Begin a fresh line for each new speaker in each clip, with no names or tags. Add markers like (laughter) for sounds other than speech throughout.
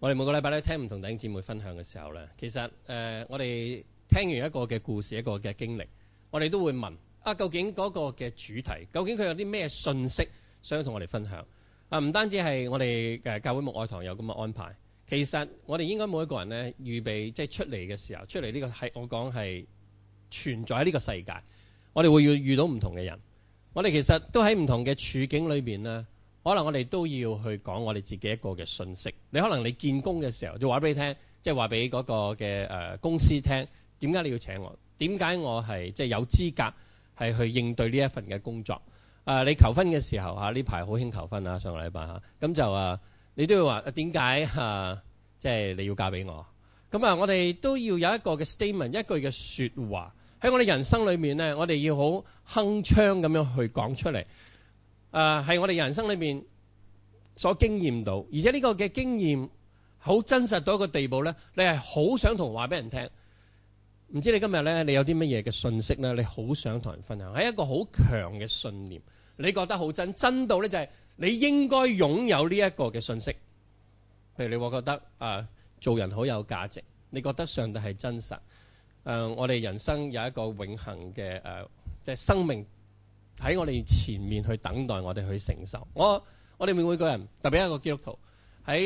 我哋每個禮拜咧聽唔同弟兄姊妹分享嘅時候咧，其實誒、呃，我哋聽完一個嘅故事，一個嘅經歷，我哋都會問啊，究竟嗰個嘅主題，究竟佢有啲咩信息想同我哋分享啊？唔單止係我哋誒教會牧愛堂有咁嘅安排，其實我哋應該每一個人咧預備，即係出嚟嘅時候，出嚟呢個係我講係存在喺呢個世界，我哋會要遇到唔同嘅人，我哋其實都喺唔同嘅處境裏邊咧。可能我哋都要去講我哋自己一個嘅信息。你可能你見工嘅時候就，就話俾你聽，即係話俾嗰個嘅誒公司聽，點解你要請我？點解我係即係有資格係去應對呢一份嘅工作？啊，你求婚嘅時候嚇，呢排好興求婚啊，上個禮拜嚇，咁就啊，你都要話點解嚇？即、啊、係、啊就是、你要嫁俾我？咁啊，我哋都要有一個嘅 statement，一句嘅説話喺我哋人生裏面呢，我哋要好鏗鏘咁樣去講出嚟。誒係、uh，我哋人生裏面所經驗到，而且呢個嘅經驗好真實到一個地步呢，你係好想同話俾人聽。唔知你今日呢？你有啲乜嘢嘅信息呢？你好想同人分享，係一個好強嘅信念，你覺得好真，真到呢，就係你應該擁有呢一個嘅信息。譬如你會覺得啊、呃，做人好有價值，你覺得上帝係真實，誒、呃，我哋人生有一個永恆嘅誒，即係生命。喺我哋前面去等待，我哋去承受。我我哋每個人，特別係一個基督徒喺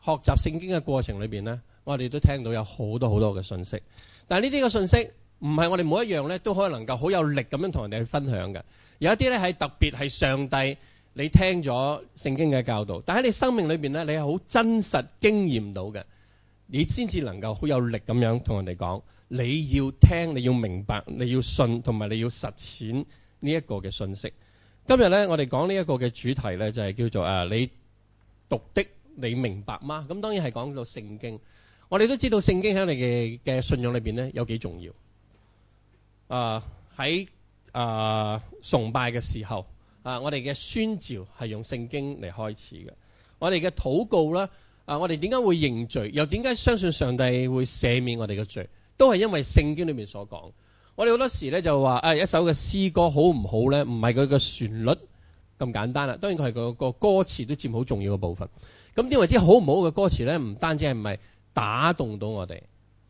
學習聖經嘅過程裏邊呢，我哋都聽到有好多好多嘅信息。但係呢啲嘅信息唔係我哋每一樣呢都可以能夠好有力咁樣同人哋去分享嘅。有一啲呢係特別係上帝，你聽咗聖經嘅教導，但喺你生命裏邊呢，你係好真實經驗到嘅，你先至能夠好有力咁樣同人哋講。你要聽，你要明白，你要信，同埋你要實踐。呢一個嘅信息，今日呢，我哋講呢一個嘅主題呢，就係叫做誒，你讀的你明白嗎？咁當然係講到聖經，我哋都知道聖經喺你嘅嘅信仰裏邊呢，有幾重要。啊喺啊崇拜嘅時候啊，我哋嘅宣召係用聖經嚟開始嘅，我哋嘅禱告啦啊，我哋點解會認罪，又點解相信上帝會赦免我哋嘅罪，都係因為聖經裏面所講。我哋好多時咧就話誒、哎、一首嘅詩歌好唔好咧？唔係佢嘅旋律咁簡單啦，啊。當然佢係個歌詞都佔好重要嘅部分。咁點為之好唔好嘅歌詞咧？唔單止係唔係打動到我哋，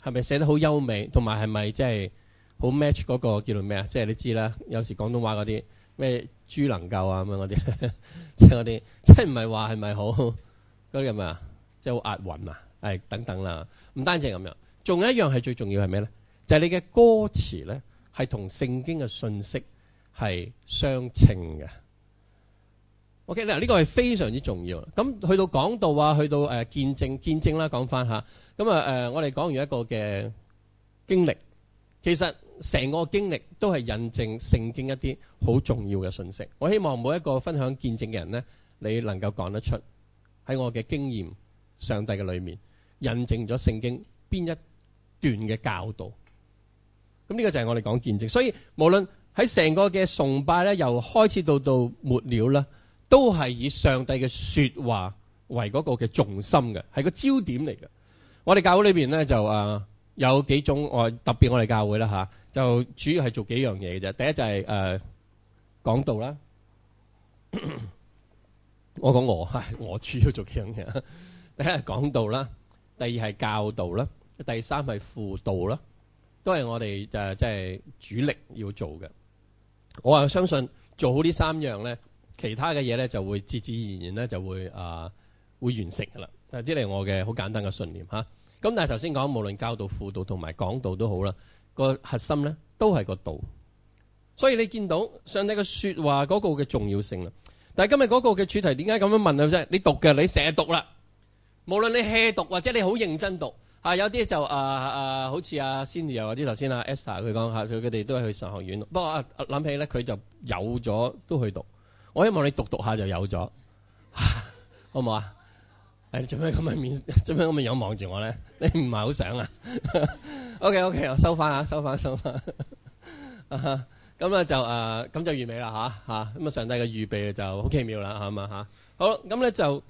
係咪寫得好優美，同埋係咪即係好 match 嗰個叫做咩啊？即係你知啦，有時廣東話嗰啲咩豬能夠啊咁樣嗰啲，即係嗰啲即係唔係話係咪好嗰啲係咪啊？即係好押韻啊，係、哎、等等啦。唔單止咁樣，仲有一樣係最重要係咩咧？就係你嘅歌詞呢，係同聖經嘅信息係相稱嘅。OK，嗱呢個係非常之重要。咁去到講道啊，去到誒、呃、見證、見證啦，講翻嚇。咁啊誒，我哋講完一個嘅經歷，其實成個經歷都係印證聖經一啲好重要嘅信息。我希望每一個分享見證嘅人呢，你能夠講得出喺我嘅經驗、上帝嘅裏面印證咗聖經邊一段嘅教導。咁呢個就係我哋講見證，所以無論喺成個嘅崇拜咧，由開始到到末了啦，都係以上帝嘅說話為嗰個嘅重心嘅，係個焦點嚟嘅。我哋教會裏邊咧就啊、呃、有幾種、呃、特別我特別我哋教會啦吓、啊，就主要係做幾樣嘢嘅啫。第一就係誒講道啦，我講我係、哎、我主要做幾樣嘢。第一係講道啦，第二係教導啦，第三係輔導啦。都係我哋誒，即係主力要做嘅。我啊相信做好呢三樣咧，其他嘅嘢咧就會自自然然咧就會誒、呃、會完成噶啦。係之嚟我嘅好簡單嘅信念吓。咁、啊、但係頭先講無論教導、輔導同埋講道都好啦，個核心咧都係個道。所以你見到上帝嘅說話嗰個嘅重要性啦。但係今日嗰個嘅主題點解咁樣問咧？即係你讀嘅，你成日讀啦。無論你 hea 讀或者你好認真讀。啊，有啲就啊啊，好似阿、啊、Cindy 又或者頭先阿 Esther 佢講嚇，佢哋都係去神學院。不過啊，諗、啊、起咧，佢就有咗都去讀。我希望你讀讀下就有咗，好唔好、哎、你么么么么你啊？誒，做咩咁嘅面，做咩咁嘅樣望住我咧？你唔係好想啊？OK OK，我收翻啊，收翻、啊、收翻、啊。咁 (laughs) 咧、啊嗯、就誒，咁、啊嗯、就完美啦嚇嚇。咁啊、嗯，上帝嘅預備就好奇妙啦嚇嘛嚇。好，咁、嗯、咧就。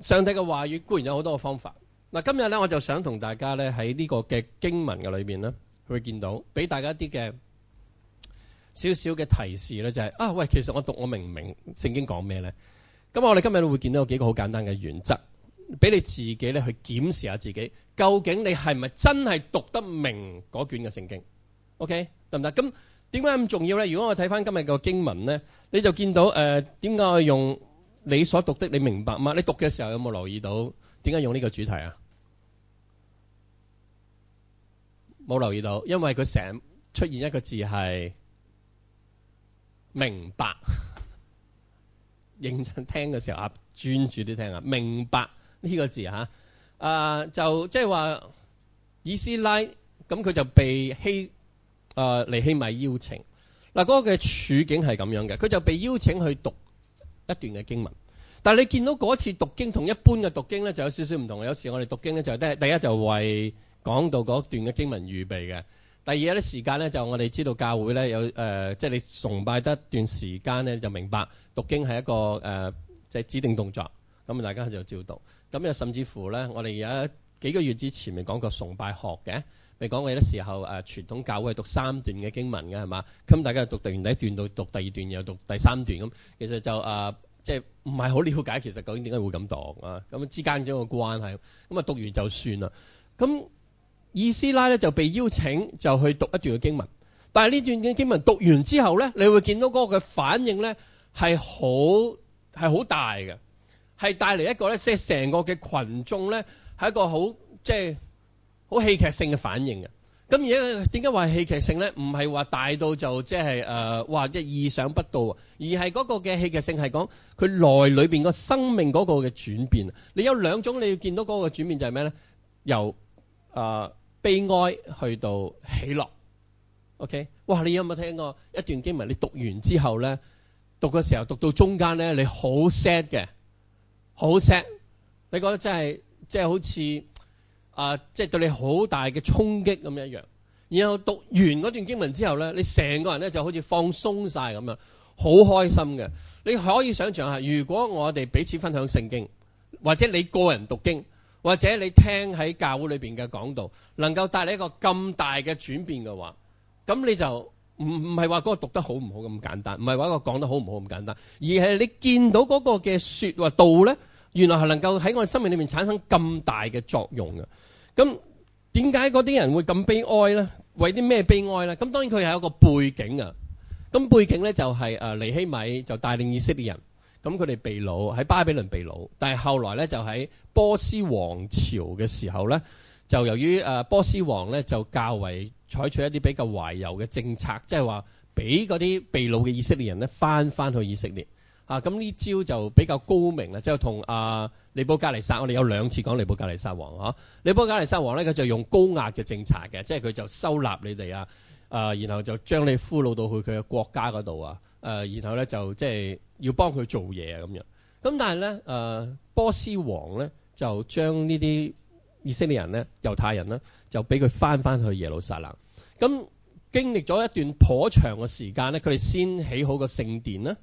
上帝嘅話語固然有好多嘅方法，嗱，今日咧我就想同大家咧喺呢個嘅經文嘅裏面咧，會見到俾大家一啲嘅少少嘅提示咧，就係、是、啊，喂，其實我讀我明唔明聖經講咩咧？咁、嗯、我哋今日都會見到有幾個好簡單嘅原則，俾你自己咧去檢視下自己，究竟你係咪真係讀得明嗰卷嘅聖經？OK，得唔得？咁點解咁重要咧？如果我睇返今日嘅經文咧，你就見到誒，點、呃、解我用？你所讀的你明白嗎？你讀嘅時候有冇留意到點解用呢個主題啊？冇留意到，因為佢成日出現一個字係明白。認 (laughs) 真聽嘅時候啊，專注啲聽啊，明白呢個字嚇、啊。啊，就即係話以斯拉咁，佢、啊、就被希啊尼希米邀請。嗱、啊，嗰、個嘅處境係咁樣嘅，佢就被邀請去讀。一段嘅經文，但係你見到嗰次讀經同一般嘅讀經咧就有少少唔同。有時我哋讀經咧就係第一就為講到嗰段嘅經文預備嘅。第二咧，時間咧就我哋知道教會咧有誒，即係你崇拜得段時間咧就明白讀經係一個誒即係指定動作。咁大家就照讀。咁又甚至乎咧，我哋有幾個月之前咪講過崇拜學嘅。你講過有啲時候誒、啊、傳統教會係讀三段嘅經文嘅係嘛？咁大家讀定完第一段，到讀第二段，又讀第三段咁。其實就誒，即係唔係好了解其實究竟點解會咁讀啊？咁之間咁嘅關係，咁啊讀完就算啦。咁以斯拉咧就被邀請就去讀一段嘅經文，但係呢段嘅經文讀完之後咧，你會見到嗰個嘅反應咧係好係好大嘅，係帶嚟一個咧即係成個嘅群眾咧係一個好即係，好戲劇性嘅反應啊。咁而家點解話戲劇性咧？唔係話大到就即係誒，或者、呃、就是、意想不到，啊。而係嗰個嘅戲劇性係講佢內裏邊個生命嗰個嘅轉變。你有兩種你要見到嗰個轉變就係咩咧？由誒、呃、悲哀去到喜樂。OK，哇！你有冇聽過一段經文？你讀完之後咧，讀嘅時候讀到中間咧，你好 sad 嘅，好 sad。你覺得真係即係好似？啊，即係對你好大嘅衝擊咁樣一樣。然後讀完嗰段經文之後呢，你成個人呢就好似放鬆晒咁樣，好開心嘅。你可以想象下，如果我哋彼此分享聖經，或者你個人讀經，或者你聽喺教會裏邊嘅講道，能夠帶嚟一個咁大嘅轉變嘅話，咁你就唔唔係話嗰個讀得好唔好咁簡單，唔係話個講得好唔好咁簡單，而係你見到嗰個嘅說話道呢，原來係能夠喺我哋生命裏面產生咁大嘅作用嘅。咁點解嗰啲人會咁悲哀呢？為啲咩悲哀呢？咁當然佢係有一個背景啊。咁背景呢，就係、是、誒、啊、尼希米就帶領以色列人，咁佢哋被擄喺巴比倫被擄，但係後來呢，就喺波斯王朝嘅時候呢，就由於誒、啊、波斯王呢，就較為採取一啲比較懷柔嘅政策，即係話俾嗰啲被擄嘅以色列人呢翻翻去以色列啊。咁呢招就比較高明啦，就同阿。啊尼布甲尼撒，我哋有兩次講尼布甲尼撒王嗬。尼布甲尼撒王咧，佢就用高壓嘅政策嘅，即係佢就收納你哋啊，誒、呃，然後就將你俘虜到去佢嘅國家嗰度啊，誒、呃，然後咧就即係要幫佢做嘢咁樣。咁但係咧，誒、呃、波斯王咧就將呢啲以色列人咧、猶太人咧，就俾佢翻翻去耶路撒冷。咁、嗯、經歷咗一段頗長嘅時間咧，佢哋先起好個聖殿啦，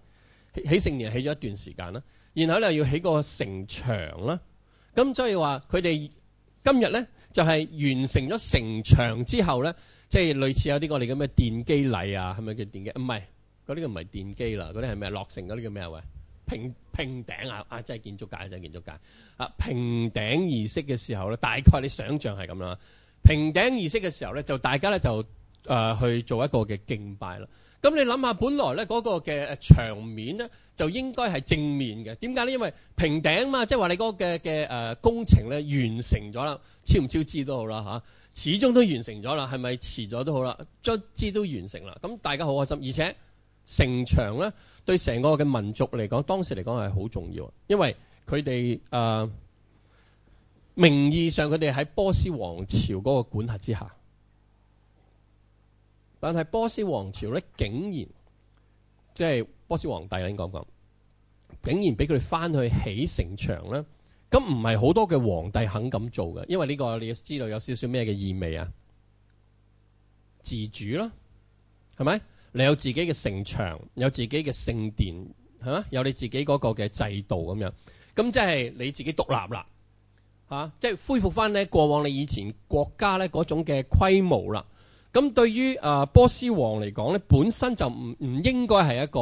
起聖殿起咗一段時間啦。然後你又要起個城牆啦，咁所以話佢哋今日咧就係、是、完成咗城牆之後咧，即、就、係、是、類似有啲我哋嘅咩奠基禮啊，係咪叫奠基？唔、啊、係，嗰啲嘅唔係奠基啦，嗰啲係咩？落成嗰啲叫咩喂？平平頂啊啊！真係建築界，真係建築界啊！平頂儀式嘅時候咧，大概你想像係咁啦。平頂儀式嘅時候咧，就大家咧就誒、呃、去做一個嘅敬拜啦。咁你諗下，本來呢嗰個嘅場面呢，就應該係正面嘅。點解呢？因為平頂嘛，即係話你嗰個嘅誒工程呢，完成咗啦，超唔超支都好啦嚇，始終都完成咗啦，係咪遲咗都好啦，卒之都完成啦。咁大家好開心，而且城牆呢，對成個嘅民族嚟講，當時嚟講係好重要，因為佢哋誒名義上佢哋喺波斯王朝嗰個管轄之下。但係波斯王朝咧，竟然即係波斯皇帝你講講，竟然俾佢哋翻去起城牆咧，咁唔係好多嘅皇帝肯咁做嘅，因為呢個你知道有少少咩嘅意味啊？自主啦，係咪？你有自己嘅城牆，有自己嘅聖殿，係嘛？有你自己嗰個嘅制度咁樣，咁即係你自己獨立啦，吓，即係恢復翻咧過往你以前國家咧嗰種嘅規模啦。咁對於啊、呃、波斯王嚟講咧，本身就唔唔應該係一個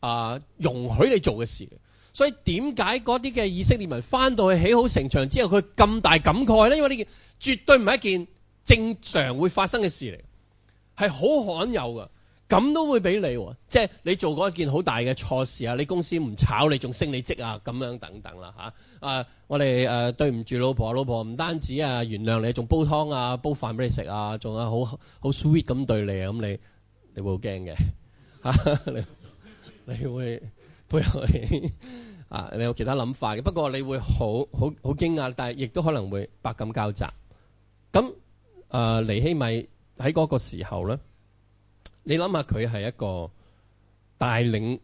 啊、呃、容許你做嘅事，所以點解嗰啲嘅以色列民翻到去起好城牆之後，佢咁大感慨咧？因為呢件絕對唔係一件正常會發生嘅事嚟，係好罕有噶。咁都會俾你喎、啊，即係你做過一件好大嘅錯事啊！你公司唔炒你，仲升你職啊，咁樣等等啦、啊、嚇。啊，我哋誒、呃、對唔住老婆，老婆唔單止啊，原諒你，仲煲湯啊，煲飯俾你食啊，仲有好好 sweet 咁對你，你，你啊，咁你你會好驚嘅嚇，你你會會 (laughs) 啊，你有其他諗法嘅，不過你會好好好驚啊，但係亦都可能會百感交集。咁啊，尼、呃、希米喺嗰個時候咧。你諗下，佢係一個帶領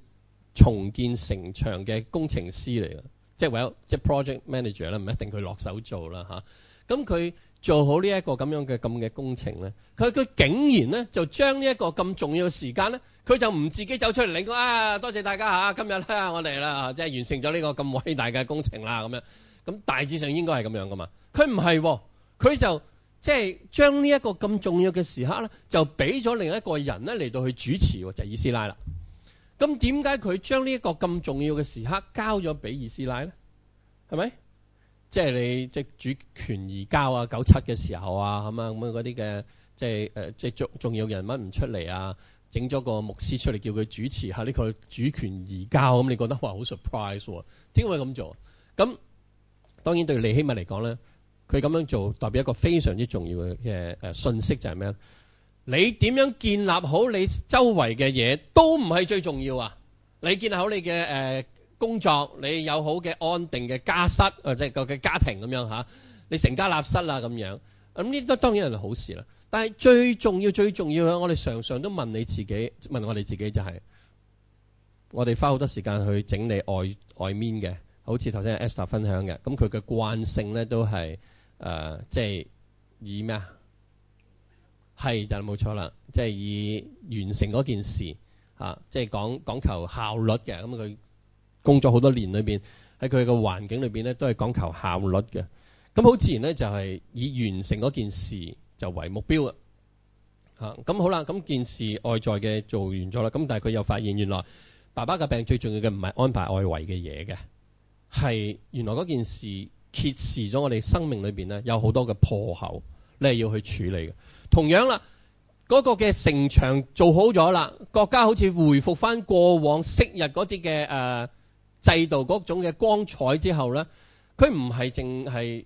重建城牆嘅工程師嚟嘅，即係 well 即係 project manager 咧，唔一定佢落手做啦吓。咁、啊、佢做好呢、這、一個咁樣嘅咁嘅工程咧，佢佢竟然咧就將呢一個咁重要嘅時間咧，佢就唔自己走出嚟領個啊，多謝大家吓、啊，今日咧、啊、我哋啦、啊，即係完成咗呢、這個咁偉大嘅工程啦，咁樣咁大致上應該係咁樣噶嘛。佢唔係，佢就。即係將呢一個咁重要嘅時刻咧，就俾咗另一個人咧嚟到去主持就係、是、以斯拉啦。咁點解佢將呢一個咁重要嘅時刻交咗俾以斯拉咧？係咪？即係你即係主權移交啊？九七嘅時候啊，咁啊咁啊嗰啲嘅即係誒、呃、即係重重要人物唔出嚟啊，整咗個牧師出嚟叫佢主持下呢、啊這個主權移交，咁你覺得哇好 surprise 喎？點解、啊、會咁做？咁當然對尼希米嚟講咧。佢咁樣做代表一個非常之重要嘅誒誒信息就，就係咩？你點樣建立好你周圍嘅嘢都唔係最重要啊！你建立好你嘅誒工作，你有好嘅安定嘅家室，或者個嘅家庭咁樣嚇，你成家立室啦咁樣。咁呢啲都當然係好事啦。但係最重要、最重要嘅，我哋常常都問你自己，問我哋自己就係、是：我哋花好多時間去整理外外面嘅，好似頭先阿 Esther 分享嘅，咁佢嘅慣性呢，都係。誒、呃，即係以咩啊？係就冇錯啦，即係以完成嗰件事吓、啊，即係講講求效率嘅。咁、嗯、佢工作好多年裏邊，喺佢嘅環境裏邊咧，都係講求效率嘅。咁好自然咧，就係以完成嗰件事就為目標啊。吓、嗯，咁好啦，咁件事外在嘅做完咗啦，咁、嗯、但係佢又發現，原來爸爸嘅病最重要嘅唔係安排外圍嘅嘢嘅，係原來嗰件事。揭示咗我哋生命裏邊咧，有好多嘅破口，你係要去處理嘅。同樣啦，嗰個嘅城牆做好咗啦，國家好似回復翻過往昔日嗰啲嘅誒制度、嗰種嘅光彩之後咧，佢唔係淨係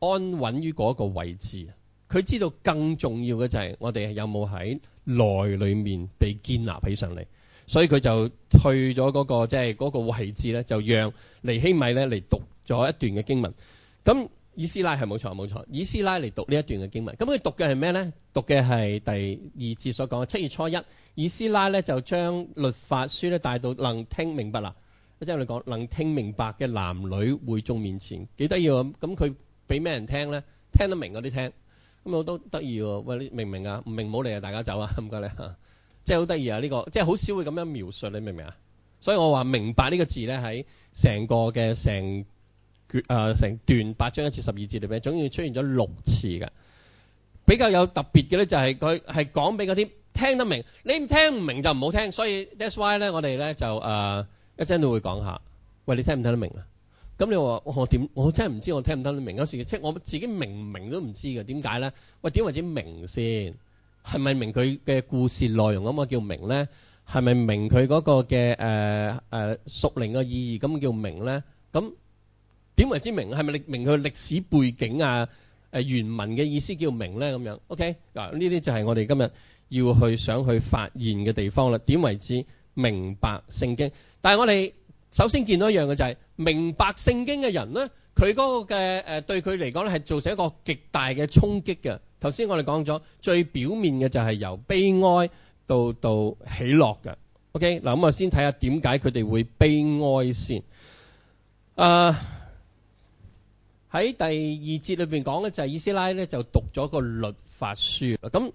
安穩於嗰個位置，佢知道更重要嘅就係我哋有冇喺內裏面被建立起上嚟，所以佢就去咗嗰個即係嗰個位置咧，就讓尼希米咧嚟讀咗一段嘅經文，咁以斯拉係，冇錯冇錯，以斯拉嚟讀呢一段嘅經文，咁佢讀嘅係咩呢？讀嘅係第二節所講嘅七月初一，以斯拉呢，就將律法書呢帶到能聽明白啦。即係我哋講能聽明白嘅男女會眾面前，幾得意喎！咁佢俾咩人聽呢？聽得明嗰啲聽，咁我都得意喎！喂，你明唔明啊？唔明冇理啊！大家走啊！咁解咧，即係好得意啊！呢個即係好少會咁樣描述，你明唔明啊？所以我話明白呢個字呢，喺成個嘅成。誒成段八章一至十二節裏邊，總共出現咗六次嘅。比較有特別嘅咧，就係佢係講俾嗰啲聽得明。你聽唔明就唔好聽。所以 that's why 咧，我哋咧就誒一陣都會講下。餵，你聽唔聽得明啊？咁你話我點？我真係唔知我聽唔聽得明嗰時。即係我自己明唔明都唔知嘅。點解咧？喂，點為之明先？係咪明佢嘅故事內容咁啊？我叫明咧？係咪明佢嗰個嘅誒誒屬靈嘅意義咁叫明咧？咁？點為之明係咪你明佢歷史背景啊？誒，原文嘅意思叫明咧咁樣。OK 嗱，呢啲就係我哋今日要去想去發現嘅地方啦。點為之明白聖經？但係我哋首先見到一樣嘅就係明白聖經嘅人咧，佢嗰個嘅誒，對佢嚟講咧係造成一個極大嘅衝擊嘅。頭先我哋講咗最表面嘅就係由悲哀到到喜樂嘅。OK 嗱，咁我先睇下點解佢哋會悲哀先啊。喺第二節裏邊講咧，就係以斯拉咧就讀咗個律法書。咁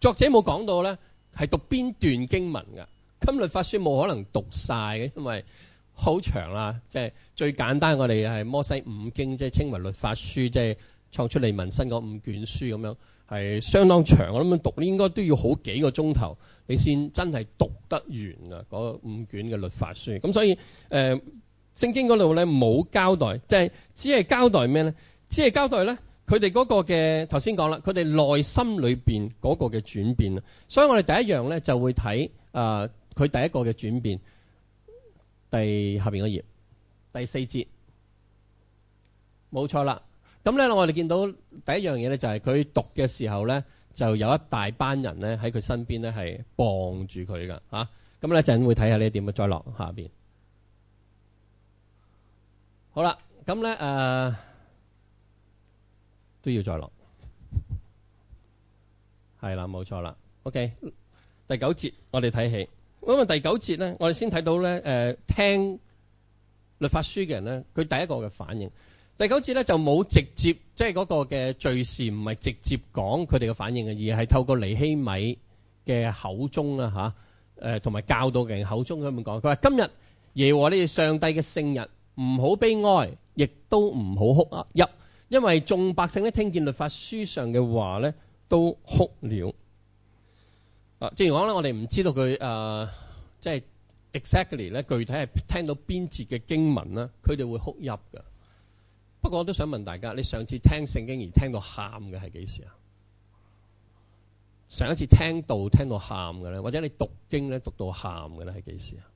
作者冇講到咧，係讀邊段經文嘅？咁律法書冇可能讀晒嘅，因為好長啦。即係最簡單，我哋係摩西五經，即係稱為律法書，即係創出利民申嗰五卷書咁樣，係相當長。我諗讀應該都要好幾個鐘頭，你先真係讀得完啊！嗰五卷嘅律法書。咁所以誒。呃聖經嗰度咧冇交代，即係只係交代咩咧？只係交代咧佢哋嗰個嘅頭先講啦，佢哋內心裏邊嗰個嘅轉變。所以我哋第一樣咧就會睇啊，佢第一個嘅轉變，第下邊嘅頁第四節，冇錯啦。咁咧我哋見到第一樣嘢咧就係佢讀嘅時候咧就有一大班人咧喺佢身邊咧係傍住佢噶啊！咁咧陣會睇下呢一點，再落下邊。好啦，咁咧誒，都要再落，係啦，冇錯啦。OK，第九節我哋睇起，咁第九節咧，我哋先睇到咧誒，聽律法書嘅人咧，佢第一個嘅反應。第九節咧就冇直接即係嗰個嘅敘事，唔係直接講佢哋嘅反應嘅，而係透過尼希米嘅口中啊吓，誒，同埋教導嘅人口中咁樣講。佢話，今日耶和呢上帝嘅聖日。唔好悲哀，亦都唔好哭泣，因因為眾百姓咧聽見律法書上嘅話咧，都哭了。啊，即係講咧，我哋唔知道佢誒，即、呃、係、就是、exactly 咧，具體係聽到邊節嘅經文啦，佢哋會哭泣嘅。不過我都想問大家，你上次聽聖經而聽到喊嘅係幾時啊？上一次聽道聽到喊嘅咧，或者你讀經咧讀到喊嘅咧，係幾時啊？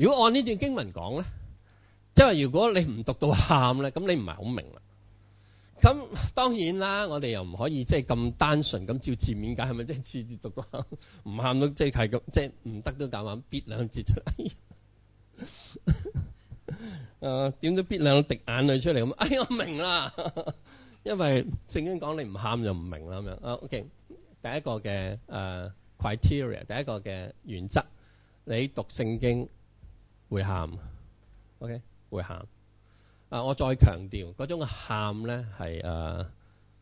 如果按呢段經文講咧，即係如果你唔讀到喊咧，咁你唔係好明啦。咁當然啦，我哋又唔可以即係咁單純咁照字面解係咪？即係次次讀到喊，唔喊都即係咁，即係唔得都夾硬憋兩字出嚟。誒，點都憋兩滴眼淚出嚟咁。哎呀，我明啦，因為聖經講你唔喊就唔明啦咁樣。啊，OK，第一個嘅誒 criteria，第一個嘅原則，你讀聖經。會喊，OK，會喊。啊，我再強調嗰種喊呢係誒，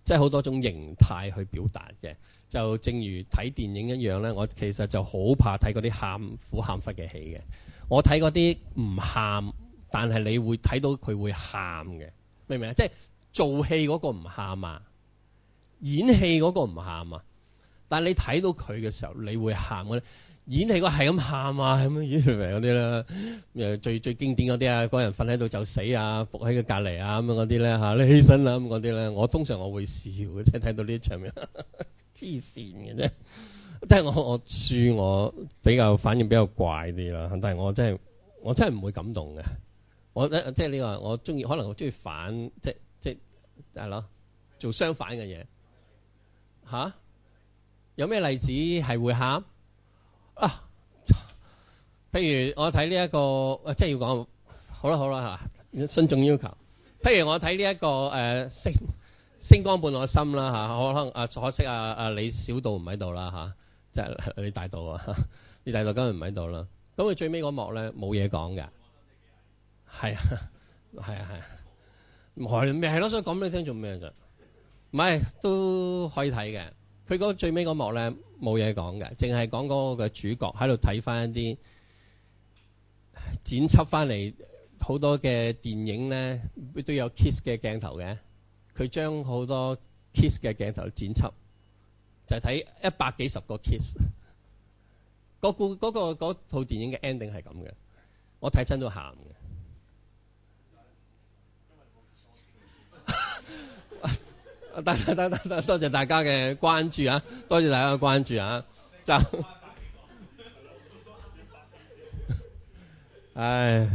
即係好多種形態去表達嘅。就正如睇電影一樣呢，我其實就好怕睇嗰啲喊苦喊忽嘅戲嘅。我睇嗰啲唔喊，但係你會睇到佢會喊嘅，明唔明啊？即係做戲嗰個唔喊啊，演戲嗰個唔喊啊，但係你睇到佢嘅時候，你會喊嘅。演戲我係咁喊啊，咁樣演出嚟嗰啲啦，誒最最經典嗰啲啊，嗰人瞓喺度就死啊，伏喺佢隔籬啊，咁樣嗰啲咧嚇，你起身啦咁嗰啲咧，我通常我會笑嘅，即係睇到呢啲場面，黐線嘅啫。即係我我書我，我，我，我，我比較反應比較怪啲啦，但係我，我真係我真係唔會感動嘅。我即係呢個我中意，可能我中意反，即係即係係咯，做相反嘅嘢吓？有咩例子係會喊？啊，譬如我睇呢一個，即係要講，好啦好啦吓，循、啊、眾要求。譬如我睇呢一個誒、呃《星星光伴我心》啦、啊、吓，可能啊可惜啊啊李小道唔喺度啦吓，即係你大道啊，你大道今日唔喺度啦。咁佢最尾嗰幕咧冇嘢講嘅，係啊係啊係啊，咪係咯，所以講俾你聽做咩啫？唔係都可以睇嘅，佢嗰最尾嗰幕咧。冇嘢講嘅，淨係講個個主角喺度睇翻一啲剪輯翻嚟好多嘅電影咧，都有 kiss 嘅鏡頭嘅。佢將好多 kiss 嘅鏡頭剪輯，就係、是、睇一百幾十個 kiss、嗰個。嗰個故嗰套電影嘅 ending 係咁嘅，我睇親都喊嘅。多謝大家嘅關注啊！多謝大家嘅關注啊！就，唉，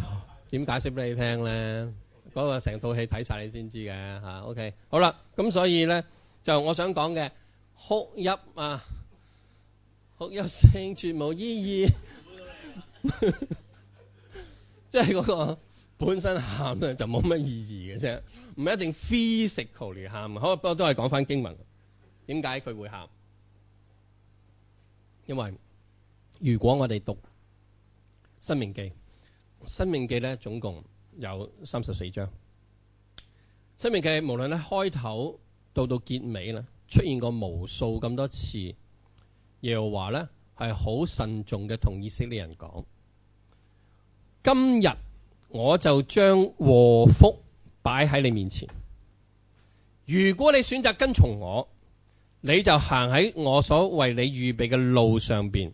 點解釋俾你聽咧？嗰個成套戲睇曬你先知嘅嚇。OK，好啦，咁所以咧就我想講嘅，哭泣啊，哭泣聲絕無意義。
即係嗰個。
本身喊咧就冇乜意義嘅啫，唔一定 physical 嚟喊。好，不過都係講翻經文。點解佢會喊？因為如果我哋讀《申命記》，《申命記》咧總共有三十四章，《申命記》無論咧開頭到到結尾咧出現過無數咁多次，耶和華咧係好慎重嘅，同以色列人講今日。我就將禍福擺喺你面前。如果你選擇跟從我，你就行喺我所為你預備嘅路上邊，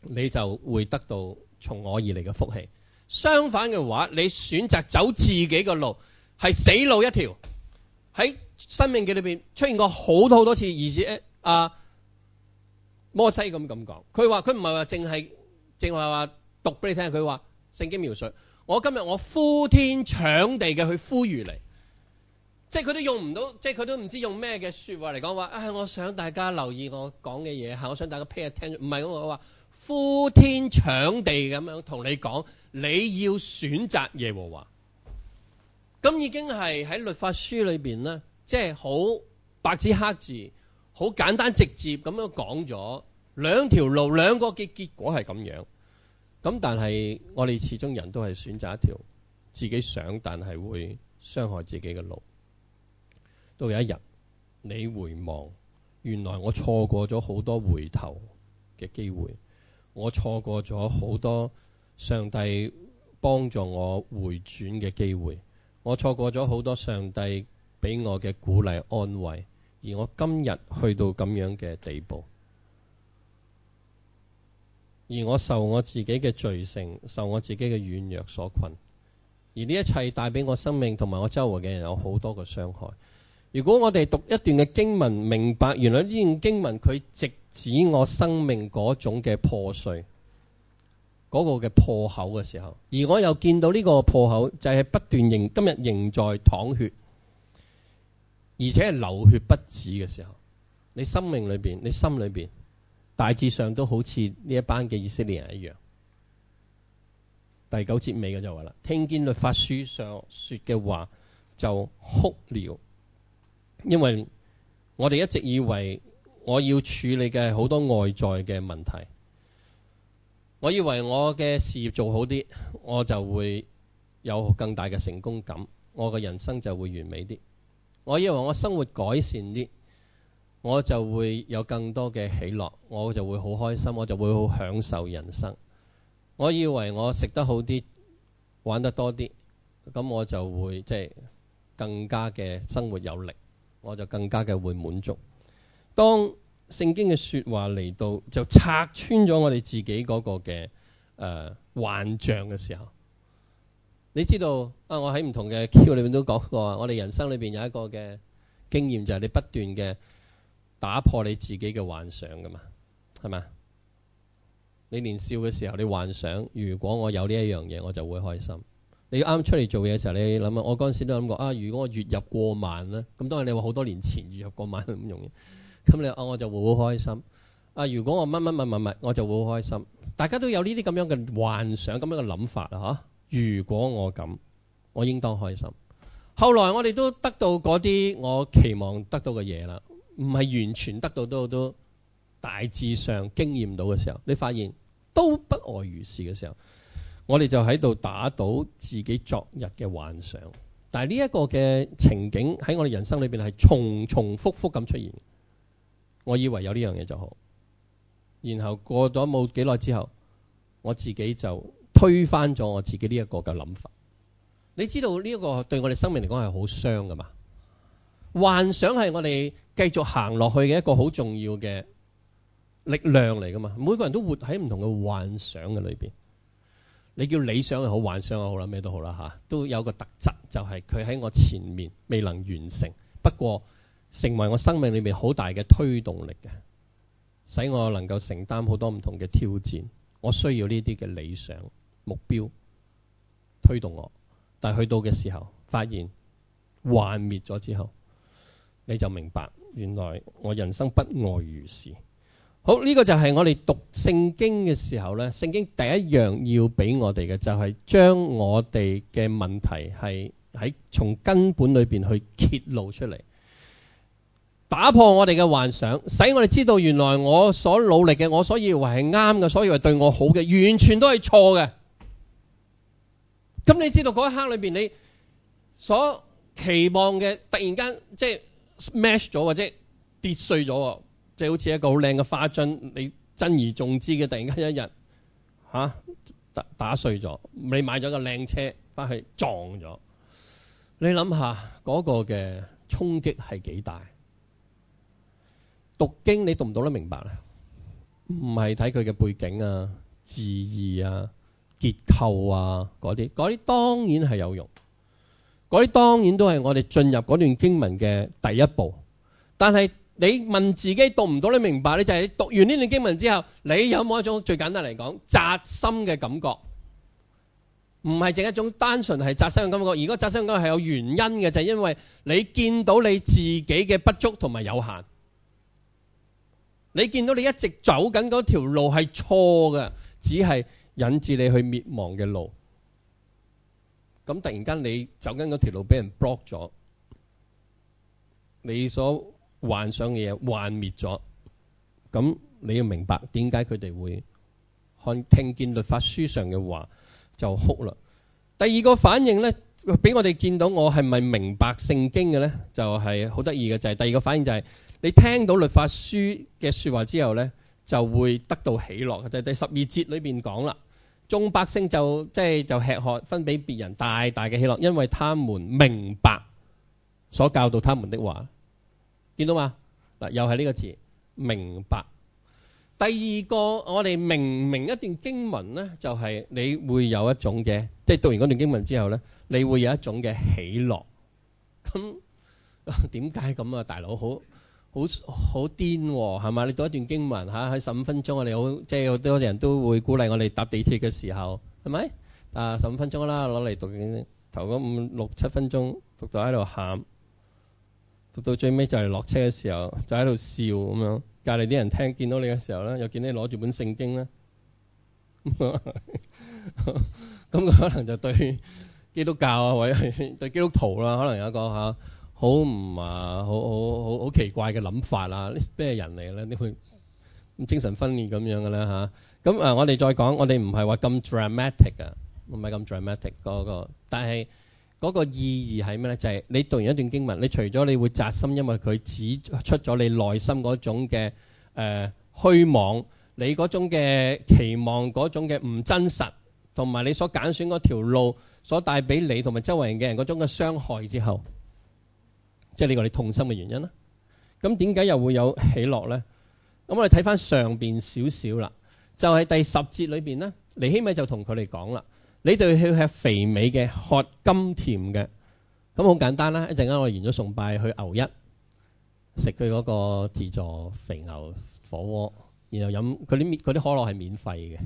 你就會得到從我而嚟嘅福氣。相反嘅話，你選擇走自己嘅路，係死路一條。喺申命記裏邊出現過好多好多次，而且阿、啊、摩西咁咁講，佢話佢唔係話淨係淨係話讀俾你聽，佢話聖經描述。我今日我呼天搶地嘅去呼籲你，即係佢都用唔到，即係佢都唔知用咩嘅說話嚟講話。唉、哎，我想大家留意我講嘅嘢，係我想大家聽。唔係我話呼天搶地咁樣同你講，你要選擇耶和華。咁已經係喺律法書裏邊呢，即係好白紙黑字，好簡單直接咁樣講咗兩條路，兩個嘅結果係咁樣。咁但係我哋始終人都係選擇一條自己想但係會傷害自己嘅路。到有一日，你回望，原來我錯過咗好多回頭嘅機會，我錯過咗好多上帝幫助我回轉嘅機會，我錯過咗好多上帝俾我嘅鼓勵安慰，而我今日去到咁樣嘅地步。而我受我自己嘅罪性，受我自己嘅軟弱所困，而呢一切帶俾我生命同埋我周圍嘅人有好多嘅傷害。如果我哋讀一段嘅經文，明白原來呢段經文佢直指我生命嗰種嘅破碎，嗰個嘅破口嘅時候，而我又見到呢個破口就係不斷仍今日仍在淌血，而且係流血不止嘅時候，你生命裏邊，你心裏邊。大致上都好似呢一班嘅以色列人一樣。第九節尾嘅就話啦，聽見律法書上說嘅話就哭了，因為我哋一直以為我要處理嘅係好多外在嘅問題，我以為我嘅事業做好啲，我就會有更大嘅成功感，我嘅人生就會完美啲。我以為我生活改善啲。我就會有更多嘅喜樂，我就會好開心，我就會好享受人生。我以為我食得好啲，玩得多啲，咁我就會即係、就是、更加嘅生活有力，我就更加嘅會滿足。當聖經嘅說話嚟到，就拆穿咗我哋自己嗰個嘅誒、呃、幻象嘅時候，你知道啊？我喺唔同嘅 Q 裏面都講過，我哋人生裏邊有一個嘅經驗就係、是、你不斷嘅。打破你自己嘅幻想噶嘛，係咪？你年少嘅時候，你幻想如果我有呢一樣嘢，我就會開心。你啱出嚟做嘢嘅時候，你諗下，我嗰陣時都諗過啊。如果我月入過萬咧，咁當然你話好多年前月入過萬咁容易。咁你啊，我就會好開心啊。如果我乜乜乜乜乜，我就會好開心。大家都有呢啲咁樣嘅幻想，咁樣嘅諗法啊。吓，如果我咁，我應當開心。後來我哋都得到嗰啲我期望得到嘅嘢啦。唔係完全得到，都大致上經驗到嘅時候，你發現都不外如是嘅時候，我哋就喺度打倒自己昨日嘅幻想。但係呢一個嘅情景喺我哋人生裏邊係重重複複咁出現。我以為有呢樣嘢就好，然後過咗冇幾耐之後，我自己就推翻咗我自己呢一個嘅諗法。你知道呢一個對我哋生命嚟講係好傷噶嘛？幻想係我哋，繼續行落去嘅一個好重要嘅力量嚟噶嘛？每個人都活喺唔同嘅幻想嘅裏邊，你叫理想又好，幻想又好啦，咩都好啦吓，都有個特質就係佢喺我前面未能完成，不過成為我生命裏面好大嘅推動力嘅，使我能夠承擔好多唔同嘅挑戰。我需要呢啲嘅理想目標推動我，但係去到嘅時候發現幻滅咗之後，你就明白。原來我人生不外如是。好，呢個就係我哋讀聖經嘅時候呢，聖經第一樣要俾我哋嘅就係將我哋嘅問題係喺從根本裏邊去揭露出嚟，打破我哋嘅幻想，使我哋知道原來我所努力嘅，我所以為係啱嘅，所以為對我好嘅，完全都係錯嘅。咁你知道嗰一刻裏邊你所期望嘅，突然間即係。Smash 咗或者跌碎咗，即係好似一個好靚嘅花樽，你珍而重之嘅，突然間一日嚇打打碎咗，你買咗個靚車翻去撞咗，你諗下嗰個嘅衝擊係幾大？讀經你讀唔讀得明白呢，唔係睇佢嘅背景啊、字義啊、結構啊嗰啲，嗰啲當然係有用。嗰啲當然都係我哋進入嗰段經文嘅第一步，但係你問自己讀唔到你明白呢，你就係讀完呢段經文之後，你有冇一種最簡單嚟講扎心嘅感覺？唔係淨係一種單純係扎心嘅感覺，如果扎心嘅感覺係有原因嘅，就係、是、因為你見到你自己嘅不足同埋有限，你見到你一直走緊嗰條路係錯嘅，只係引致你去滅亡嘅路。咁突然間你走緊嗰條路俾人 block 咗，你所幻想嘅嘢幻滅咗，咁你要明白點解佢哋會看聽見律法書上嘅話就哭啦。第二個反應呢，俾我哋見到我係咪明白聖經嘅呢？就係好得意嘅就係、是、第二個反應就係、是、你聽到律法書嘅說話之後呢，就會得到喜樂就係、是、第十二節裏面講啦。眾百姓就即係就吃喝分俾別人，大大嘅喜樂，因為他們明白所教導他們的話，見到嘛嗱，又係呢個詞明白。第二個我哋明明一段經文咧，就係你會有一種嘅，即係讀完嗰段經文之後咧，你會有一種嘅喜樂。咁點解咁啊，大佬好？好好癲喎、啊，係嘛？你讀一段經文嚇，喺十五分鐘，我哋好即係好多人都會鼓勵我哋搭地鐵嘅時候，係咪？啊，十五分鐘啦，攞嚟讀先。頭嗰五六七分鐘讀到喺度喊，讀到最尾就係落車嘅時候，就喺度笑咁樣。隔籬啲人聽，見到你嘅時候咧，又見到你攞住本聖經咧，咁佢、 (laughs) 嗯、可能就對基督教啊，或者對基督徒啦，可能有一個嚇。好唔啊，好好好好奇怪嘅諗法啦！呢咩人嚟嘅咧？你會精神分裂咁樣嘅啦吓。咁啊，我哋再講，我哋唔係話咁 dramatic 啊，唔係咁 dramatic 嗰個。但係嗰個意義係咩咧？就係你讀完一段經文，你除咗你會扎心，因為佢指出咗你內心嗰種嘅誒虛妄，你嗰種嘅期望，嗰種嘅唔真實，同埋你所揀選嗰條路所帶俾你同埋周圍嘅人嗰種嘅傷害之後。即係呢個你痛心嘅原因啦。咁點解又會有喜樂咧？咁我哋睇翻上邊少少啦，就係第十節裏邊咧，尼希米就同佢哋講啦：你哋去食肥美嘅、喝甘甜嘅。咁好簡單啦！一陣間我完咗崇拜去牛一食佢嗰個自助肥牛火鍋，然後飲佢啲啲可樂係免費嘅，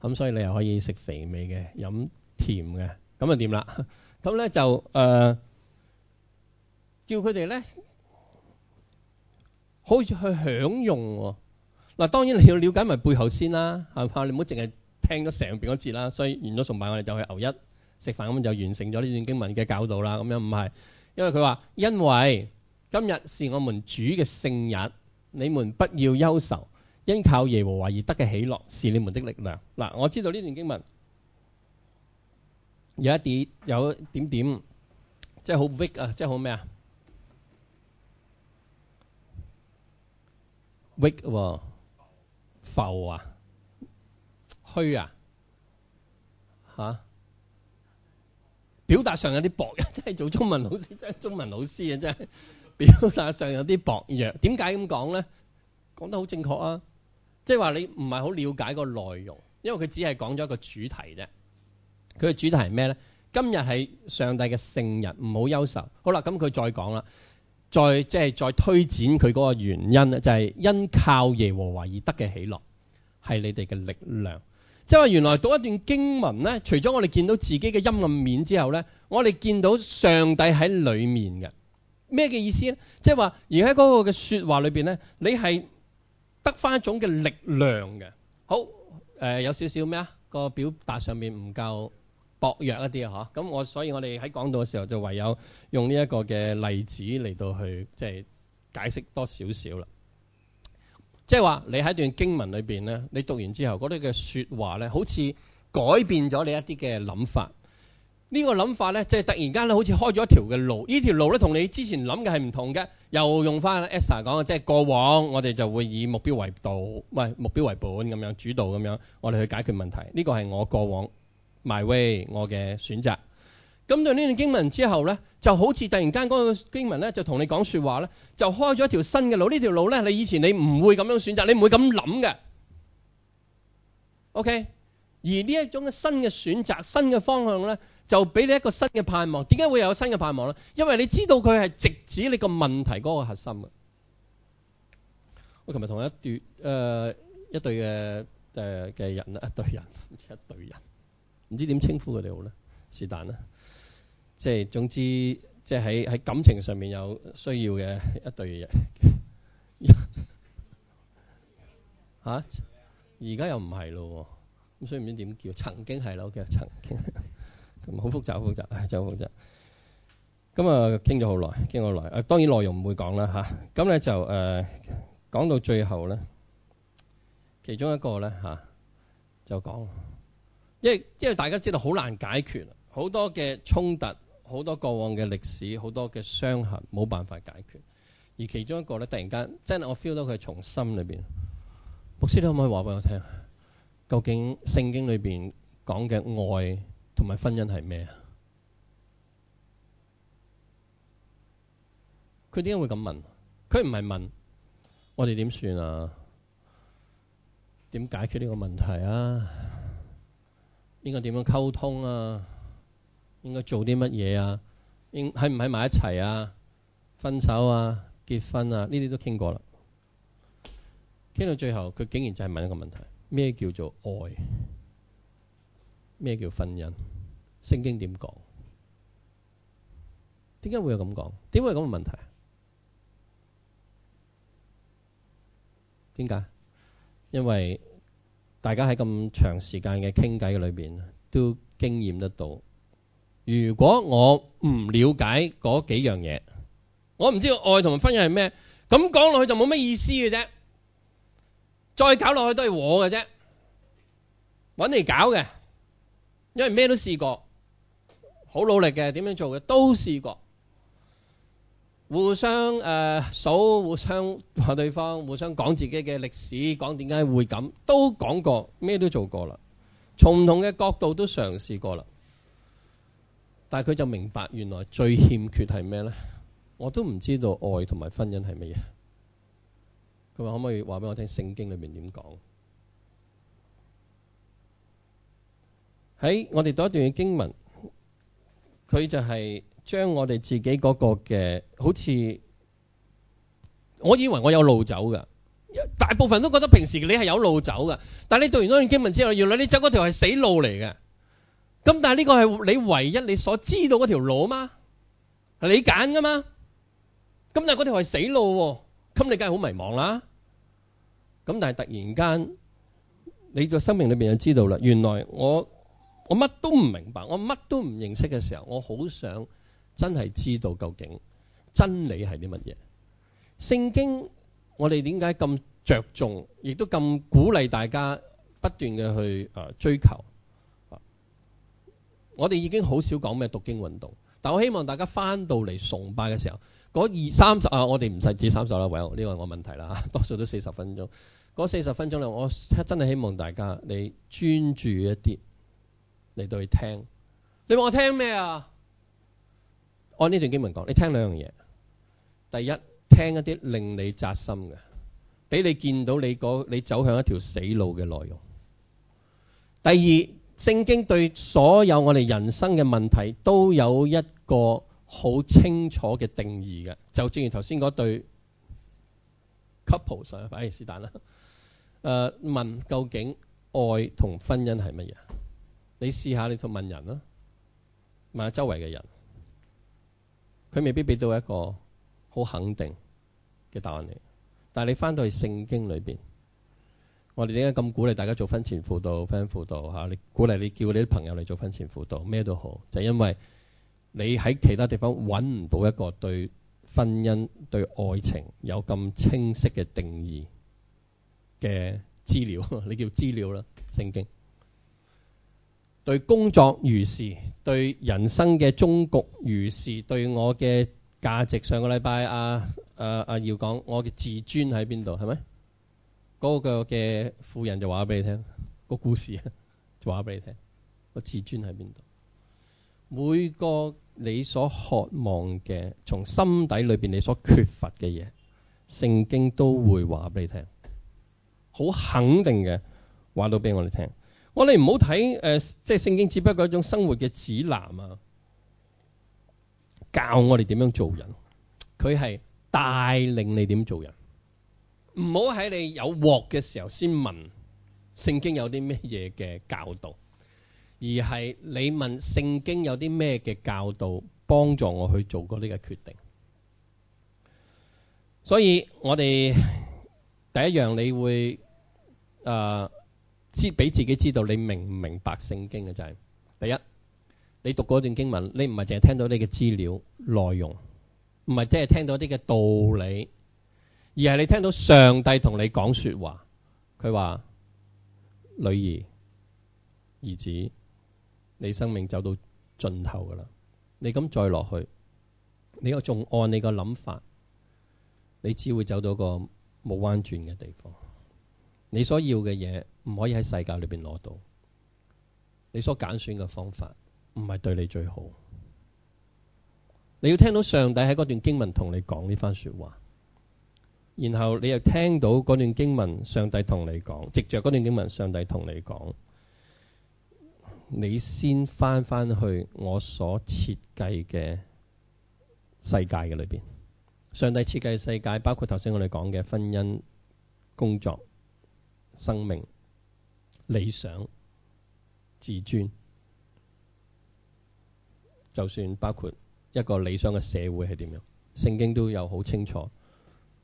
咁所以你又可以食肥美嘅、飲甜嘅，咁啊點啦？咁咧就誒。呃叫佢哋咧可以去享用喎。嗱，當然你要了解埋背後先啦，係咪？你唔好淨係聽咗成邊嗰節啦。所以完咗崇拜，我哋就去牛一食飯，咁就完成咗呢段經文嘅教導啦。咁樣唔係，因為佢話：因為今日是我們主嘅聖日，你們不要憂愁，因靠耶和華而得嘅喜樂是你們的力量。嗱，我知道呢段經文有一啲，有點點即係好 weak 啊，即係好咩啊？郁喎浮啊虛啊吓、啊、表達上有啲薄弱，真係做中文老師真係中文老師啊，真係表達上有啲薄弱。點解咁講咧？講得好正確啊，即係話你唔係好了解個內容，因為佢只係講咗一個主題啫。佢嘅主題係咩咧？今日係上帝嘅聖日，唔好憂愁。好啦，咁佢再講啦。再即係再推展佢嗰個原因咧，就係、是、因靠耶和華而得嘅喜樂係你哋嘅力量。即係話原來讀一段經文咧，除咗我哋見到自己嘅陰暗面之後咧，我哋見到上帝喺裡面嘅咩嘅意思咧？即係話而喺嗰個嘅説話裏邊咧，你係得返一種嘅力量嘅。好誒、呃，有少少咩啊？個表達上面唔夠。薄弱一啲啊，吓！咁我所以我哋喺講道嘅時候，就唯有用呢一個嘅例子嚟到去即係、就是、解釋多少少啦。即係話你喺一段經文裏邊咧，你讀完之後嗰啲嘅說話咧，好似改變咗你一啲嘅諗法。呢、這個諗法咧，即係突然間咧，好似開咗一條嘅路。呢、這、條、個、路咧，同你之前諗嘅係唔同嘅。又用翻 Esther 講嘅，即、就、係、是、過往，我哋就會以目標為道，唔係目標為本咁樣主導咁樣，我哋去解決問題。呢、這個係我過往。My way，我嘅選擇。咁對呢段經文之後呢，就好似突然間嗰個經文呢，就同你講説話呢，就開咗一條新嘅路。呢條路呢，你以前你唔會咁樣選擇，你唔會咁諗嘅。OK，而呢一種嘅新嘅選擇、新嘅方向呢，就俾你一個新嘅盼望。點解會有新嘅盼望呢？因為你知道佢係直指你個問題嗰個核心嘅。我琴日同一對誒一對嘅誒嘅人啊，一對人一對人。唔知點稱呼佢哋好咧，是但啦。即係總之，即係喺喺感情上面有需要嘅一對嘢。嚇，而家又唔係咯，咁所以唔知點叫曾經係咯，叫曾經。咁好複雜，好複雜，就好複雜。咁啊，傾咗好耐，傾咗好耐。誒，當然內容唔會講啦，嚇。咁咧就誒講到最後咧，其中一個咧嚇就講。因為因為大家知道好難解決，好多嘅衝突，好多過往嘅歷史，好多嘅傷痕，冇辦法解決。而其中一個咧，突然間，真係我 feel 到佢係從心裏邊，牧師，你可唔可以話俾我聽，究竟聖經裏邊講嘅愛同埋婚姻係咩啊？佢點解會咁問？佢唔係問我哋點算啊？點解決呢個問題啊？應該點樣溝通啊？應該做啲乜嘢啊？應喺唔喺埋一齊啊？分手啊？結婚啊？呢啲都傾過啦。傾到最後，佢竟然就係問一個問題：咩叫做愛？咩叫婚姻？聖經點講？點解會有咁講？點會有咁嘅問題？點解？因為。大家喺咁長時間嘅傾偈嘅裏邊，都經驗得到。如果我唔了解嗰幾樣嘢，我唔知道愛同埋婚姻係咩，咁講落去就冇乜意思嘅啫。再搞落去都係我嘅啫，搵嚟搞嘅，因為咩都試過，好努力嘅，點樣做嘅都試過。互相誒，數、啊、互相話對方，互相講自己嘅歷史，講點解會咁，都講過，咩都做過啦，從唔同嘅角度都嘗試過啦。但係佢就明白，原來最欠缺係咩呢？我都唔知道愛同埋婚姻係乜嘢。佢話可唔可以話俾我聽聖經裏面點講？喺、hey, 我哋讀一段嘅經文，佢就係、是。將我哋自己嗰個嘅好似，我以為我有路走噶，大部分都覺得平時你係有路走噶。但係你讀完嗰段經文之後，原來你走嗰條係死路嚟嘅。咁但係呢個係你唯一你所知道嗰條路啊嘛？係你揀噶嘛？咁但係嗰條係死路啊，咁你梗係好迷茫啦。咁但係突然間，你嘅生命裏邊就知道啦。原來我我乜都唔明白，我乜都唔認識嘅時候，我好想。真係知道究竟真理係啲乜嘢？聖經我哋點解咁着重，亦都咁鼓勵大家不斷嘅去啊追求。我哋已經好少講咩讀經運動，但我希望大家翻到嚟崇拜嘅時候，二三十啊，我哋唔使指三十啦。Well 呢個我問題啦，多數都四十分鐘。嗰四十分鐘咧，我真係希望大家你專注一啲嚟到去聽。你問我聽咩啊？按呢段經文講，你聽兩樣嘢。第一，聽一啲令你紮心嘅，俾你見到你你走向一條死路嘅內容。第二，聖經對所有我哋人生嘅問題都有一個好清楚嘅定義嘅。就正如頭先嗰對 couple 上，哎，反而是但啦。誒、呃，問究竟愛同婚姻係乜嘢？你試下你去問人啦，問下周圍嘅人。佢未必俾到一個好肯定嘅答案你，但係你翻到去聖經裏邊，我哋點解咁鼓勵大家做婚前輔導、婚姻輔導嚇、啊。你鼓勵你叫你啲朋友嚟做婚前輔導，咩都好，就係、因為你喺其他地方揾唔到一個對婚姻、對愛情有咁清晰嘅定義嘅資料，你叫資料啦，聖經。對工作如是，對人生嘅終局如是，對我嘅價值。上個禮拜阿阿阿耀講，我嘅自尊喺邊度？係咪？嗰、那個嘅富人就話俾你聽個故事就，就話俾你聽個自尊喺邊度。每個你所渴望嘅，從心底裏邊你所缺乏嘅嘢，聖經都會話俾你聽，好肯定嘅話到俾我哋聽。我哋唔好睇誒，即係聖經，只不過一種生活嘅指南啊，教我哋點樣做人。佢係帶領你點做人。唔好喺你有鑊嘅時候先問聖經有啲咩嘢嘅教導，而係你問聖經有啲咩嘅教導，幫助我去做嗰呢個決定。所以我哋第一樣你會誒。呃知俾自己知道你明唔明白聖經嘅，就係第一，你讀嗰段經文，你唔係淨係聽到你嘅資料內容，唔係即係聽到啲嘅道理，而係你聽到上帝同你講說話。佢話：女兒、兒子，你生命走到盡頭噶啦，你咁再落去，你又仲按你個諗法，你只會走到個冇彎轉嘅地方。你所要嘅嘢。唔可以喺世界裏邊攞到，你所揀選嘅方法唔係對你最好。你要聽到上帝喺嗰段經文同你講呢番說話，然後你又聽到嗰段經文上帝同你講，藉著嗰段經文上帝同你講，你先翻翻去我所設計嘅世界嘅裏邊。上帝設計嘅世界包括頭先我哋講嘅婚姻、工作、生命。理想、自尊，就算包括一個理想嘅社會係點樣，聖經都有好清楚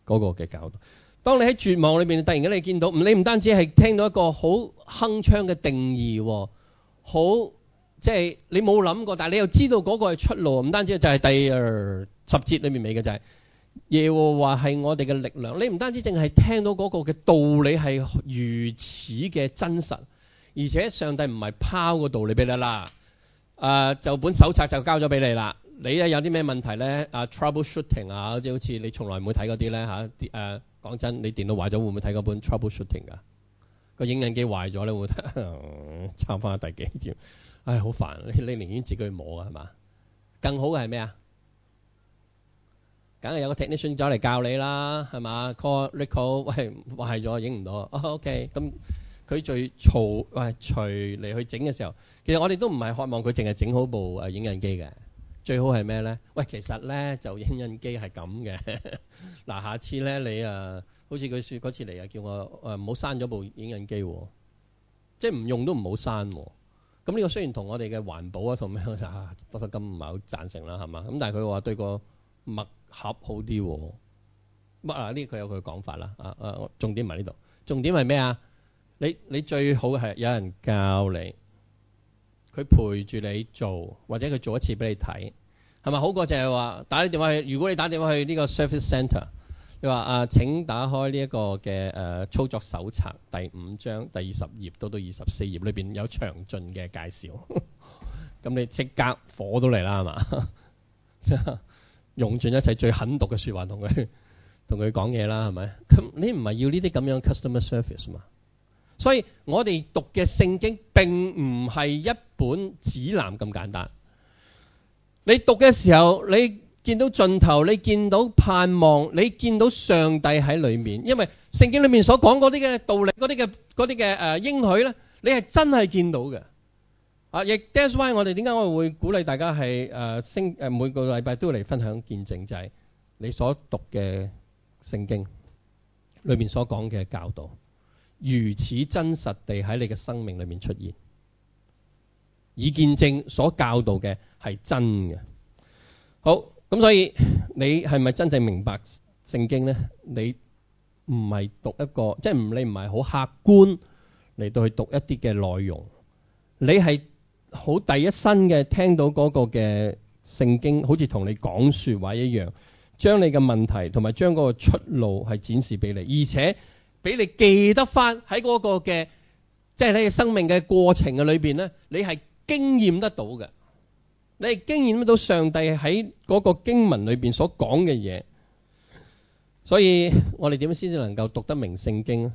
嗰個嘅教導。當你喺絕望裏面，突然間你見到，唔，你唔單止係聽到一個好鏗鏘嘅定義，好即係你冇諗過，但係你又知道嗰個係出路，唔單止就係第十節裏面尾嘅就係、是。耶和華係我哋嘅力量，你唔單止淨係聽到嗰個嘅道理係如此嘅真實，而且上帝唔係拋個道理俾你啦。誒、呃，就本手冊就交咗俾你啦。你咧有啲咩問題咧？誒、啊，troubleshooting 啊，即好似你從來唔會睇嗰啲咧吓。誒、啊，講真，你電腦壞咗會唔會睇嗰本 troubleshooting 噶？個影印機壞咗你會唔會插翻第幾頁？唉、哎，好煩，你你寧願自己去摸啊係嘛？更好嘅係咩啊？梗係有個 technician 走嚟教你啦，係嘛？Call Rico 喂，壞咗影唔到，OK 咁佢最嘈，喂，除嚟去整嘅時候，其實我哋都唔係渴望佢淨係整好部誒影印機嘅。最好係咩咧？喂，其實咧就影印機係咁嘅。嗱、 (laughs) 啊，下次咧你啊，好似佢説嗰次嚟啊，叫我誒唔好刪咗部影印機喎、哦，即係唔用都唔好刪。咁呢個雖然同我哋嘅環保啊，同咩啊，得心金唔係好贊成啦，係嘛？咁但係佢話對個。密盒好啲，哦，密啊！呢個佢有佢嘅講法啦。啊啊，重點唔喺呢度，重點係咩啊？你你最好係有人教你，佢陪住你做，或者佢做一次俾你睇，係咪好過就係話打你電話去？如果你打電話去呢個 service center，你話啊，請打開呢一個嘅誒操作手冊第五章第二十頁到到二十四頁，裏邊有詳盡嘅介紹。咁你即刻火到嚟啦，係嘛？ (laughs) 用盡一切最狠毒嘅說話同佢同佢講嘢啦，係咪？咁你唔係要呢啲咁樣 customer service 嘛？所以我哋讀嘅聖經並唔係一本指南咁簡單。你讀嘅時候，你見到盡頭，你見到盼望，你見到上帝喺裏面，因為聖經裏面所講嗰啲嘅道理、嗰啲嘅嗰啲嘅誒應許咧，你係真係見到嘅。啊！亦 that's why 我哋點解我會鼓勵大家係誒星誒每個禮拜都嚟分享見證，就係你所讀嘅聖經裏面所講嘅教導，如此真實地喺你嘅生命裏面出現，以見證所教導嘅係真嘅。好咁，所以你係咪真正明白聖經咧？你唔係讀一個，即係唔你唔係好客觀嚟到去讀一啲嘅內容，你係。好第一身嘅，聽到嗰個嘅聖經好似同你講說話一樣，將你嘅問題同埋將嗰個出路係展示俾你，而且俾你記得翻喺嗰個嘅，即係喺生命嘅過程嘅裏邊咧，你係經驗得到嘅，你係經驗得到上帝喺嗰個經文裏邊所講嘅嘢。所以我哋點樣先至能夠讀得明聖經啊，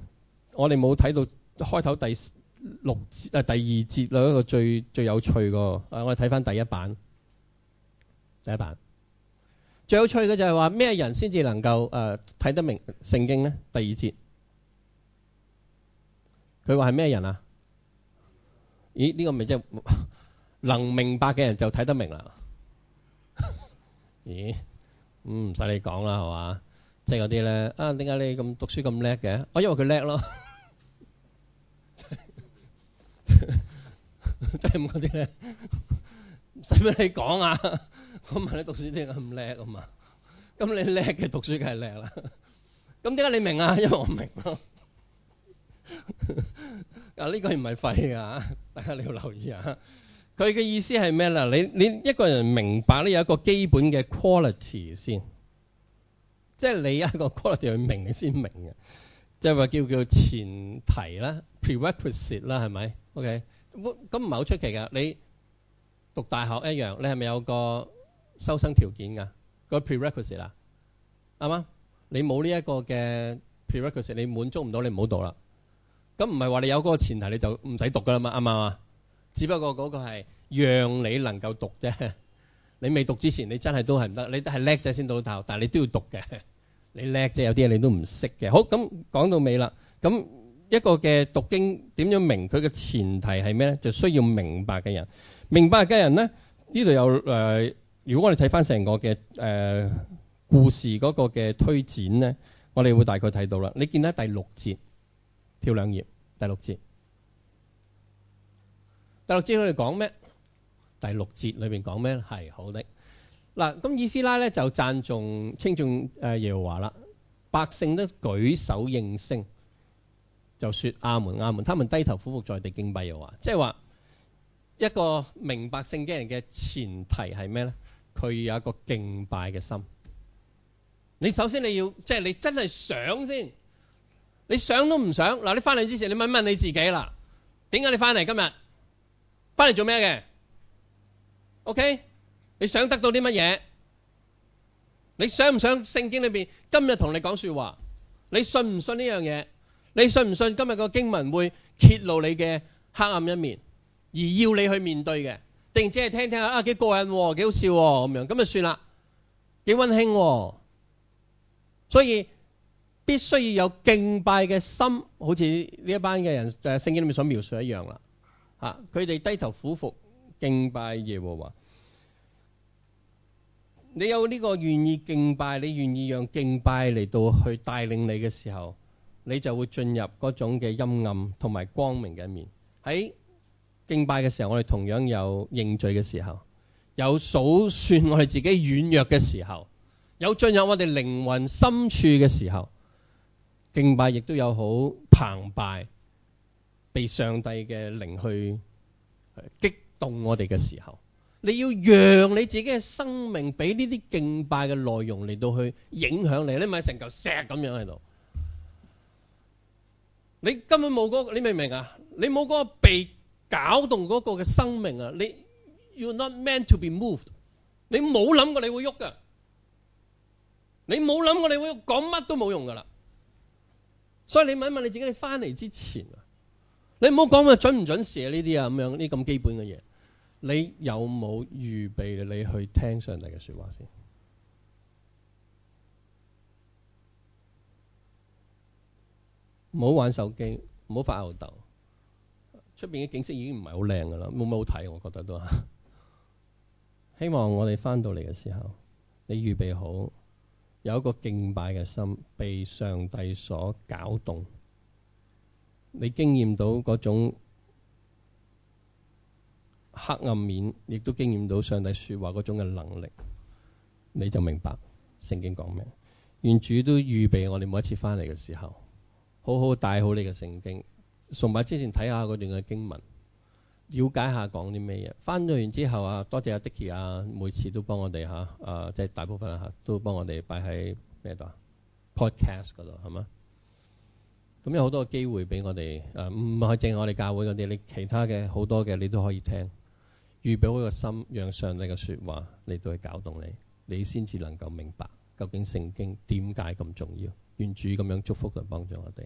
我哋冇睇到開頭第。六節啊，第二節啦，一個最最有趣個，啊，我哋睇返第一版，第一版最有趣嘅就係話咩人先至能夠誒睇得明聖經呢？第二節佢話係咩人啊？咦？呢、這個咪即係能明白嘅人就睇得明啦？ (laughs) 咦？嗯，唔使你講啦，係嘛？即係嗰啲咧啊？點解你咁讀書咁叻嘅？我、啊、因為佢叻咯。即係唔嗰啲咧，使乜 (laughs) (laughs) 你講啊？ (laughs) 我問你讀書點解咁叻啊？嘛，咁你叻嘅讀書梗係叻啦。咁點解你明啊？ (laughs) 因為我唔明咯。 (laughs) 啊，呢個唔係廢噶大家你要留意啊。佢嘅意思係咩啦？你你一個人明白咧，有一個基本嘅 quality 先，即係你一個 quality 明你先明嘅，即係話叫叫前提啦，prerequisite 啦，係咪？O K，咁唔係好出奇噶。你讀大學一樣，你係咪有個收生條件噶、嗰個 prerequisite 啦，啊？啱嗎？你冇呢一個嘅 prerequisite，你滿足唔到，你唔好讀啦。咁唔係話你有嗰個前提你就唔使讀噶啦嘛？啱啱嗎？只不過嗰個係讓你能夠讀啫。你未讀之前，你真係都係唔得。你係叻仔先到大學，但係你都要讀嘅。你叻仔有啲嘢你都唔識嘅。好，咁講到尾啦。咁。一個嘅讀經點樣明佢嘅前提係咩咧？就需要明白嘅人，明白嘅人咧呢度有誒、呃。如果我哋睇翻成個嘅誒、呃、故事嗰個嘅推展咧，我哋會大概睇到啦。你見到第六節，跳兩頁，第六節，第六節佢哋講咩？第六節裏邊講咩？係好的。嗱，咁以斯拉咧就讚頌稱頌誒耶和華啦，百姓都舉手應聲。就說阿門阿門，他們低頭俯伏在地敬拜又話，即係話一個明白聖經人嘅前提係咩咧？佢有一個敬拜嘅心。你首先你要，即係你真係想先，你想都唔想嗱。你翻嚟之前，你問一問你自己啦，點解你翻嚟今日？翻嚟做咩嘅？OK，你想得到啲乜嘢？你想唔想聖經裏邊今日同你講說話？你信唔信呢樣嘢？你信唔信？今日個經文會揭露你嘅黑暗一面，而要你去面對嘅，定只係聽聽下啊？幾過癮、啊，幾好笑咁、啊、樣咁就算啦？幾溫馨、啊，所以必須要有敬拜嘅心，好似呢一班嘅人誒，聖、啊、經裏面所描述一樣啦吓。佢、啊、哋低頭俯伏敬拜耶和華。你有呢個願意敬拜，你願意讓敬拜嚟到去帶領你嘅時候。你就會進入嗰種嘅陰暗同埋光明嘅一面。喺敬拜嘅時候，我哋同樣有認罪嘅時候，有數算我哋自己軟弱嘅時候，有進入我哋靈魂深處嘅時候，敬拜亦都有好澎湃，被上帝嘅靈去激動我哋嘅時候。你要讓你自己嘅生命俾呢啲敬拜嘅內容嚟到去影響你，你咪成嚿石咁樣喺度。你根本冇嗰、那個，你明唔明啊？你冇嗰個被攪動嗰個嘅生命啊！你，You're not meant to be moved。你冇諗過你會喐嘅，你冇諗過你會講乜都冇用噶啦。所以你問一問你自己，你翻嚟之前啊，你唔好講佢準唔準時啊？呢啲啊，咁樣呢，咁基本嘅嘢，你有冇預備你去聽上帝嘅說話先？唔好玩手機，唔好發吽哣。出邊嘅景色已經唔係好靚噶啦，冇乜好睇。我覺得都吓。 (laughs) 希望我哋翻到嚟嘅時候，你預備好有一個敬拜嘅心，被上帝所攪動。你經驗到嗰種黑暗面，亦都經驗到上帝說話嗰種嘅能力，你就明白聖經講咩。願主都預備我哋每一次翻嚟嘅時候。好好帶好你嘅聖經，崇拜之前睇下嗰段嘅經文，了解下講啲咩嘢。翻咗完之後啊，多謝阿 Dicky，啊，每次都幫我哋吓、啊，啊即係、就是、大部分啊都幫我哋擺喺咩度？Podcast 嗰度係嘛？咁有好多嘅機會俾我哋，唔係淨係我哋教會嗰啲，你其他嘅好多嘅你都可以聽。預備好個心，讓上帝嘅説話嚟到去搞動你，你先至能夠明白究竟聖經點解咁重要。願主咁樣祝福同幫助我哋。